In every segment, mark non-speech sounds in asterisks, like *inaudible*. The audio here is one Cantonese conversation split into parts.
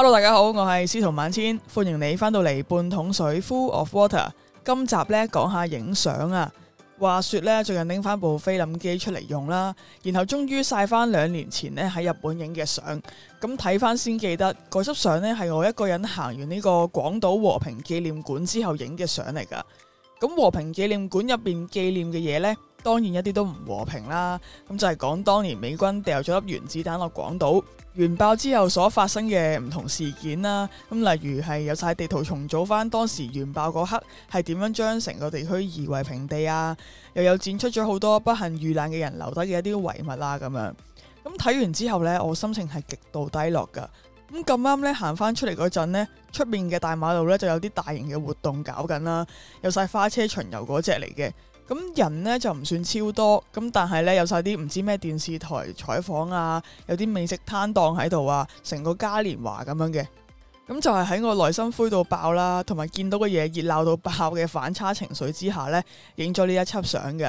Hello，大家好，我係司徒萬千，歡迎你返到嚟半桶水 Full of Water。今集咧講下影相啊。話說咧，最近拎翻部菲林機出嚟用啦，然後終於曬翻兩年前呢喺日本影嘅相。咁睇翻先記得嗰輯相呢係我一個人行完呢個廣島和平紀念館之後影嘅相嚟噶。咁和平紀念館入邊紀念嘅嘢呢，當然一啲都唔和平啦。咁就係講當年美軍掉咗粒原子彈落廣島，原爆之後所發生嘅唔同事件啦。咁例如係有晒地圖重組翻當時原爆嗰刻係點樣將成個地區夷為平地啊，又有展出咗好多不幸遇難嘅人留低嘅一啲遺物啊咁樣。咁睇完之後呢，我心情係極度低落噶。咁咁啱咧行翻出嚟嗰陣呢，出面嘅大馬路呢就有啲大型嘅活動搞緊啦，有晒花車巡遊嗰隻嚟嘅。咁人呢就唔算超多，咁但係呢，有晒啲唔知咩電視台採訪啊，有啲美食攤檔喺度啊，成個嘉年華咁樣嘅。咁就係喺我內心灰到爆啦，同埋見到個嘢熱鬧到爆嘅反差情緒之下呢，影咗呢一輯相嘅。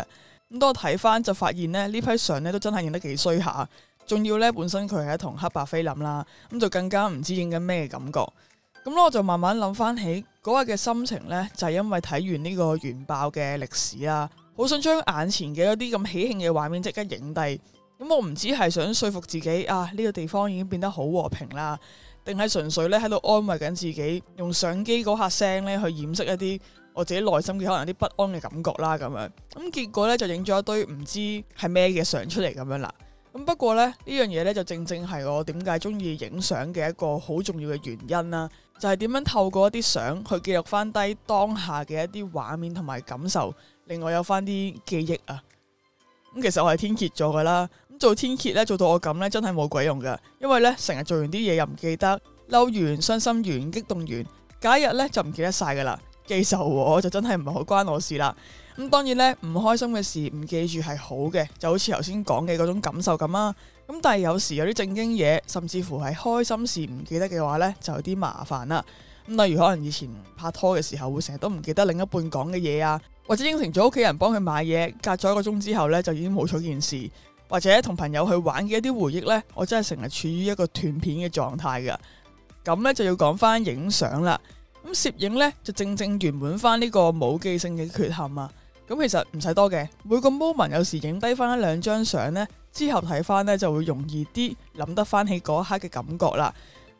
咁當我睇翻就發現呢，呢批相呢都真係影得幾衰下。仲要咧，本身佢係一筒黑白菲林啦，咁就更加唔知影緊咩感覺。咁我就慢慢諗翻起嗰日嘅心情呢，就係因為睇完呢個原爆嘅歷史啦，好想將眼前嘅一啲咁喜慶嘅畫面即刻影低。咁我唔知係想說服自己啊，呢個地方已經變得好和平啦，定係純粹呢喺度安慰緊自己，用相機嗰下聲呢去掩飾一啲我自己內心嘅可能啲不安嘅感覺啦。咁樣咁結果呢，就影咗一堆唔知係咩嘅相出嚟咁樣啦。咁不過咧，呢樣嘢呢，就正正係我點解中意影相嘅一個好重要嘅原因啦，就係點樣透過一啲相去記錄翻低當下嘅一啲畫面同埋感受，令我有翻啲記憶啊！咁其實我係天蠍座噶啦，咁做天蠍呢，做到我咁呢，真係冇鬼用噶，因為呢，成日做完啲嘢又唔記得，嬲完、傷心完、激動完，假日呢就唔記得晒噶啦。記仇就真係唔係好關我事啦。咁、嗯、當然咧，唔開心嘅事唔記住係好嘅，就好似頭先講嘅嗰種感受咁啊。咁、嗯、但係有時有啲正經嘢，甚至乎係開心事唔記得嘅話呢，就有啲麻煩啦。咁、嗯、例如可能以前拍拖嘅時候，會成日都唔記得另一半講嘅嘢啊，或者應承咗屋企人幫佢買嘢，隔咗一個鐘之後呢，就已經冇咗件事，或者同朋友去玩嘅一啲回憶呢，我真係成日處於一個斷片嘅狀態噶。咁呢，就要講翻影相啦。咁攝影呢，就正正圓滿翻呢個冇記性嘅缺陷啊！咁其實唔使多嘅，每個 moment 有時影低翻一兩張相呢，之後睇翻呢，就會容易啲諗得翻起嗰一刻嘅感覺啦。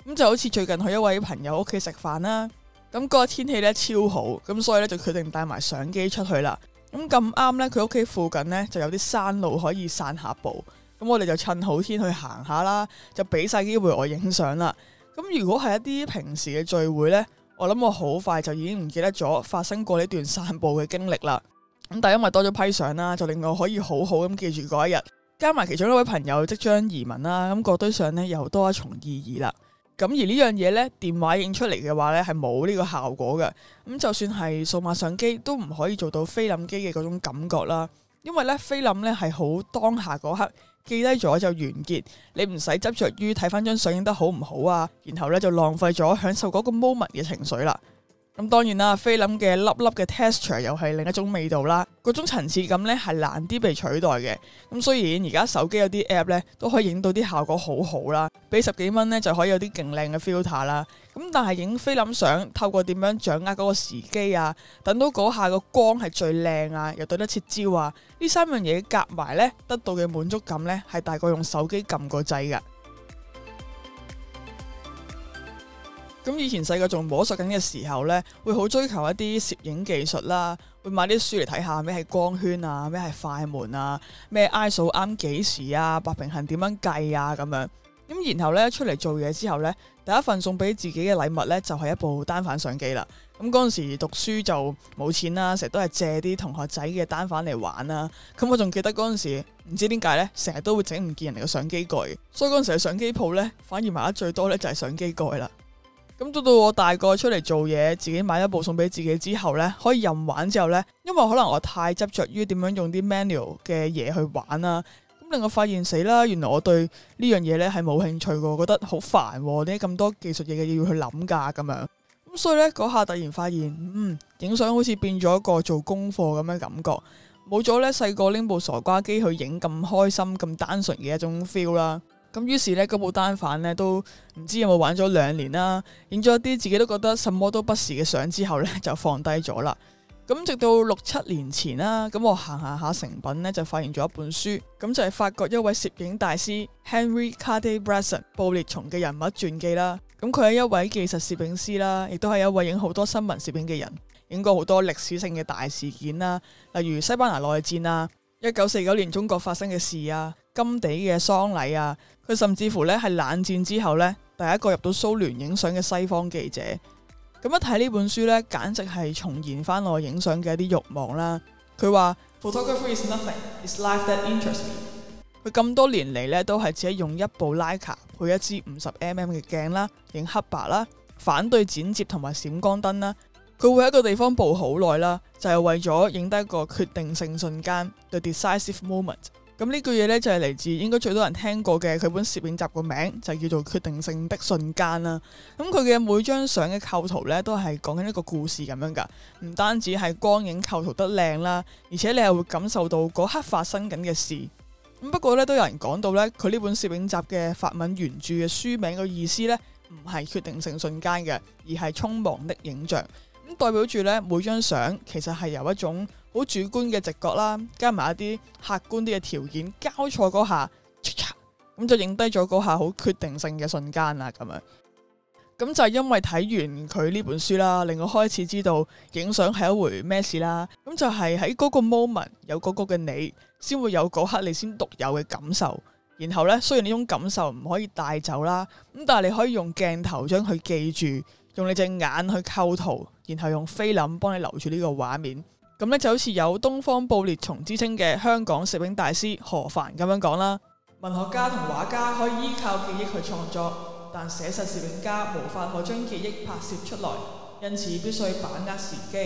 咁就好似最近去一位朋友屋企食飯啦，咁嗰個天氣呢超好，咁所以呢，就決定帶埋相機出去啦。咁咁啱呢，佢屋企附近呢，就有啲山路可以散下步，咁我哋就趁好天去行下啦，就俾晒機會我影相啦。咁如果係一啲平時嘅聚會呢。我諗我好快就已經唔記得咗發生過呢段散步嘅經歷啦。咁但係因為多咗批相啦，就令我可以好好咁記住嗰一日。加埋其中一位朋友即將移民啦，咁嗰堆相呢又多一重意義啦。咁而呢樣嘢呢，電話影出嚟嘅話呢係冇呢個效果嘅。咁就算係數碼相機都唔可以做到菲林機嘅嗰種感覺啦。因為呢，菲林呢係好當下嗰刻。記低咗就完結，你唔使執着於睇翻張相影得好唔好啊，然後呢就浪費咗享受嗰個 moment 嘅情緒啦。咁當然啦，菲林嘅粒粒嘅 texture 又係另一種味道啦，嗰種層次感呢係難啲被取代嘅。咁雖然而家手機有啲 app 呢都可以影到啲效果好好啦，俾十幾蚊呢就可以有啲勁靚嘅 filter 啦。咁但係影菲林相，透過點樣掌握嗰個時機啊？等到嗰下個光係最靚啊，又對得切焦啊，呢三樣嘢夾埋呢，得到嘅滿足感呢，係大過用手機撳個掣㗎。咁 *noise* 以前細個仲摸索緊嘅時候呢，會好追求一啲攝影技術啦，會買啲書嚟睇下咩係光圈啊，咩係快門啊，咩 ISO 啱幾時啊，白平衡點樣計啊，咁樣。咁然後咧出嚟做嘢之後咧，第一份送俾自己嘅禮物咧就係一部單反相機啦。咁嗰陣時讀書就冇錢啦，成日都係借啲同學仔嘅單反嚟玩啦。咁我仲記得嗰陣時唔知點解咧，成日都會整唔見人哋嘅相機蓋，所以嗰陣時係相機鋪咧，反而買得最多咧就係相機蓋啦。咁到到我大個出嚟做嘢，自己買一部送俾自己之後咧，可以任玩之後咧，因為可能我太執着於點樣用啲 manual 嘅嘢去玩啦。令我發現死啦，原來我對呢樣嘢呢係冇興趣嘅，我覺得好煩喎，點解咁多技術嘢嘅，要要去諗噶咁樣。咁所以呢，嗰下突然發現，嗯，影相好似變咗一個做功課咁嘅感覺，冇咗呢細個拎部傻瓜機去影咁開心、咁單純嘅一種 feel 啦。咁於是呢，嗰部單反呢都唔知有冇玩咗兩年啦，影咗一啲自己都覺得什麼都不時嘅相之後呢，就放低咗啦。咁直到六七年前啦，咁我行行下成品呢，就發現咗一本書，咁就係法國一位攝影大師 Henri Cartier Bresson 布列松嘅人物傳記啦。咁佢係一位技術攝影師啦，亦都係一位影好多新聞攝影嘅人，影過好多歷史性嘅大事件啦，例如西班牙內戰啊，一九四九年中國發生嘅事啊，金地嘅喪禮啊，佢甚至乎呢係冷戰之後呢，第一個入到蘇聯影相嘅西方記者。咁一睇呢本書呢，簡直係重燃翻我影相嘅一啲慾望啦。佢話 Photography is nothing, it's life that interests me。佢咁多年嚟呢都係只係用一部 Leica 配一支五十 mm 嘅鏡啦，影黑白啦，反對剪接同埋閃光燈啦。佢會喺一個地方步好耐啦，就係、是、為咗影得一個決定性瞬間，the decisive moment。咁呢句嘢呢，就係嚟自，應該最多人聽過嘅佢本攝影集個名，就叫做決定性的瞬間啦。咁佢嘅每張相嘅構圖呢，都係講緊一個故事咁樣噶唔單止係光影構圖得靚啦，而且你又會感受到嗰刻發生緊嘅事。咁不過呢，都有人講到呢，佢呢本攝影集嘅法文原著嘅書名個意思呢，唔係決定性瞬間嘅，而係匆忙的影像。咁代表住呢，每張相其實係由一種。好主觀嘅直覺啦，加埋一啲客觀啲嘅條件交錯嗰下，咁就影低咗嗰下好決定性嘅瞬間啦。咁樣咁就係因為睇完佢呢本書啦，令我開始知道影相係一回咩事啦。咁就係喺嗰個 moment，有嗰個嘅你，先會有嗰刻你先獨有嘅感受。然後呢，雖然呢種感受唔可以帶走啦，咁但係你可以用鏡頭將佢記住，用你隻眼去構圖，然後用菲林幫你留住呢個畫面。咁呢就好似有東方布列松之稱嘅香港攝影大師何藩咁樣講啦。文學家同畫家可以依靠記憶去創作，但寫實攝影家無法可將記憶拍攝出來，因此必須把握時機。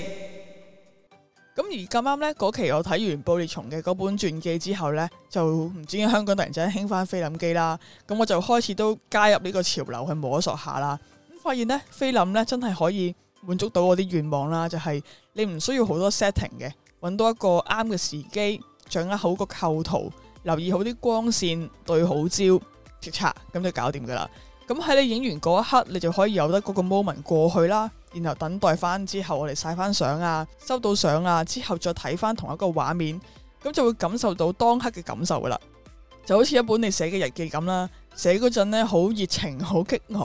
咁而咁啱呢，嗰期我睇完布列松嘅嗰本傳記之後呢，就唔知點解香港突然間興翻菲林機啦。咁我就開始都加入呢個潮流去摸索下啦。咁發現呢，菲林呢真係可以。滿足到我啲願望啦，就係你唔需要好多 setting 嘅，揾到一個啱嘅時機，掌握好個構圖，留意好啲光線，對好焦，直擦，咁就搞掂噶啦。咁喺你影完嗰一刻，你就可以有得嗰個 moment 過去啦，然後等待翻之後，我哋晒翻相啊，收到相啊之後，再睇翻同一個畫面，咁就會感受到當刻嘅感受噶啦。就好似一本你寫嘅日記咁啦，寫嗰陣呢，好熱情，好激昂，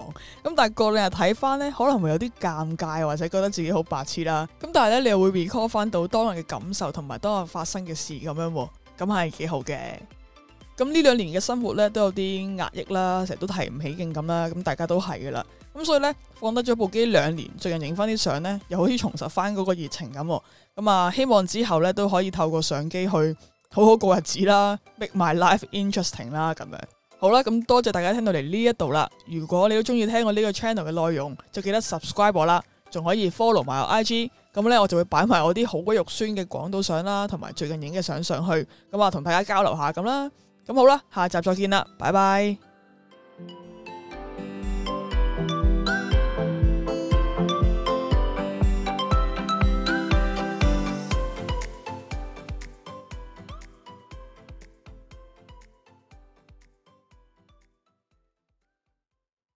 咁但係過兩日睇翻呢，可能會有啲尷尬，或者覺得自己好白痴啦。咁但係呢，你又會 recall 翻到當日嘅感受同埋當日發生嘅事咁樣，咁係幾好嘅。咁呢兩年嘅生活呢，都有啲壓抑啦，成日都提唔起勁咁啦，咁大家都係噶啦。咁所以呢，放得咗部機兩年，最近影翻啲相呢，又好似重拾翻嗰個熱情咁。咁啊，希望之後呢，都可以透過相機去。好好過日子啦，make my life interesting 啦，咁樣好啦，咁多謝大家聽到嚟呢一度啦。如果你都中意聽我呢個 channel 嘅內容，就記得 subscribe 我啦，仲可以 follow 埋我 IG，咁呢，我就會擺埋我啲好鬼肉酸嘅廣島相啦，同埋最近影嘅相上去，咁啊同大家交流下咁啦。咁好啦，下集再見啦，拜拜。